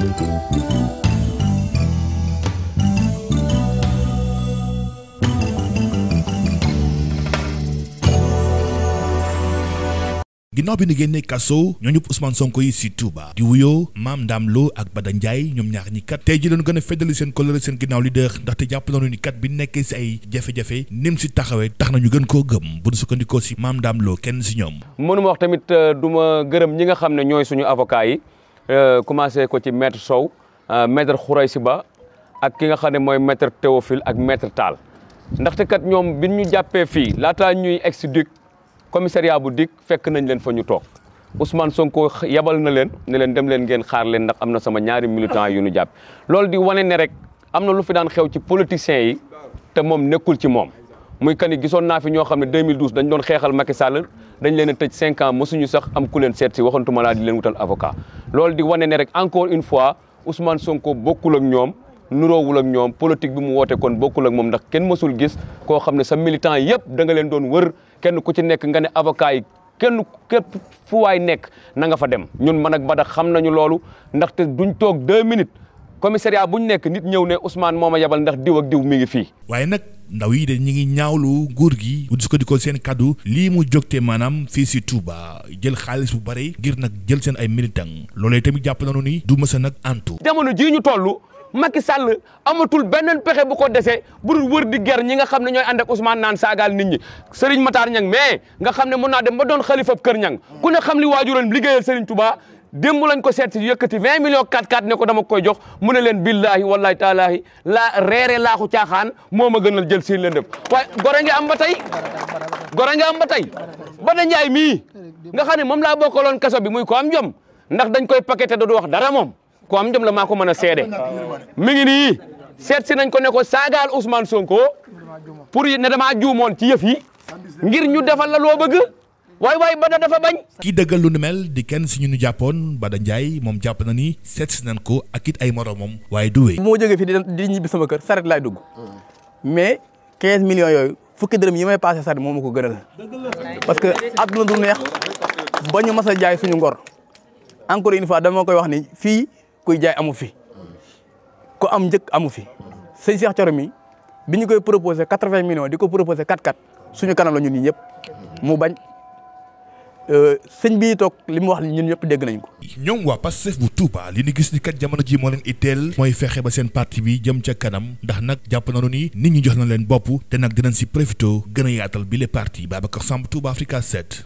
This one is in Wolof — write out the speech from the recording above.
ginnaaw bi ni génne kaso ñooñu Ousmane Sonko yi si Touba di wuyoo maam Ndam Lo ak Bada Ndiaye ñoom ñaar ñi kat te ji leen gën a feddali seen kóllëre seen ginnaaw leader ndaxte jàpp nañu ni kat bi nekkee si ay jafe-jafe nim si taxawee tax na ñu gën koo gëm bu ñu sukkandikoo si maam Ndam Lo kenn si ñoom mënuma wax tamit euh, duma ma gërëm ñi nga xam ne ñooy suñu avocat yi Euh, commencé ko ci maître Sow euh, maître si Ba ak ki nga xam ne mooy maître Théophile ak maître Tall ndaxte kat ñoom bi ñu jàppee fii laataa ñuy egsi DIC commissariat bu DIC fekk nañ leen fa ñu toog Ousmane Sonko yabal na leen ne leen dem ngeen xaar leen ndax am na sama ñaari militant yu ñu jàpp loolu di wane ne rek am na lu fi daan xew ci politiciens yi te moom nekkul ci moom muy kan yi gisoon naa fi ñoo xam ne 2012 dañ doon xeexal Macky Sall dañ leen a tëj 5 sax am ku leen seet si waxantuma laa leen wutal avocat loolu di wane ne rek encore une fois Ousmane Sonko bokkul ak ñoom nuroowul ak ñoom politique bi mu woote kon bokkul ak moom ndax kenn mësul gis koo xam ne sa militant yëpp da nga leen doon wër kenn ku ci nekk nga ne avocat yi kenn képp fu waay nekk na nga fa dem ñun man ak Bada xam nañu loolu ndaxte duñ toog deux minutes commissariat bu ñu nekk nit ñëw ne Ousmane moo ma yebal ndax diw ak diw mi ngi fii. waaye nag ndaw yi de ñu ngi ñaawlu nguur gi. bu sukkandikoo seen kaddu. lii mu te maanaam fii si Touba jël xaalis bu bare ngir nag jël seen ay militant loolee tamit jàpp na nañu ni du mës a nag antu. jamono jii ñu toll Macky Sall amatul beneen pexe bu ko desee bu dul wër di ger ñi nga xam ne ñooy ànd ak Ousmane naan saagaal nit ñi Serigne Matar Niang mais nga xam ne naa dem ba doon xalifab kër Niang ku démb lañ ko seet si yëkkati vingt millions quatre quatre ne ko dama koy jox mu ne leen billahi wallahi taalaahi laa reere laaxu caaxaan moo ma gënal jël seen leen def waaye gore am ba tey gore nga am ba tey ba da njaay mii nga xam ne moom laa bokkaloon kaso bi muy ko am jom ndax dañ koy paqueté doodu wax dara moom ko am jom la maa ko mën a seede mi ngi nii seet si nañ ko ne ko saagaal Ousmane Sonko pour ne damaa juumoon ci yëf yi ngir ñu defal la loo gë waaye waaye waay Bada dafa bañ. ki dëggal lu nu mel di kenn suñu nu jàppoon Bada Ndiaye moom jàpp na nii seet si nañ ko ak it ay moom waaye du wéy. bu ma jógee fii di ñibbi sama kër saret laay dugg mais 15 millions yooyu fukki dërëm yi may passé saret moom ma ko gënal parce que àdduna du neex ba ñu mas a jaay suñu ngor encore une fois dama koy wax ni fii kuy jaay amu fi ku am njëkk amu fi sëñ Cheikh Thioro mi bi ñu koy proposé 80 millions di ko proposé 4-4 suñu kanam la ñun ñii ñëpp mu bañ. Euh, sëñ bi toog li mu wax ñun ñëpp dégg nañ ko. ñoom waa Pastef bu Touba li ñu gis ni kat jamono ji moo leen iteel mooy fexe ba seen parti bi jëm ca kanam ndax nag jàpp na nañu nii nit ñu jox na leen bopp te nag dinañ si profité gën a yaatal bile parti Babacar Samb Touba Africa set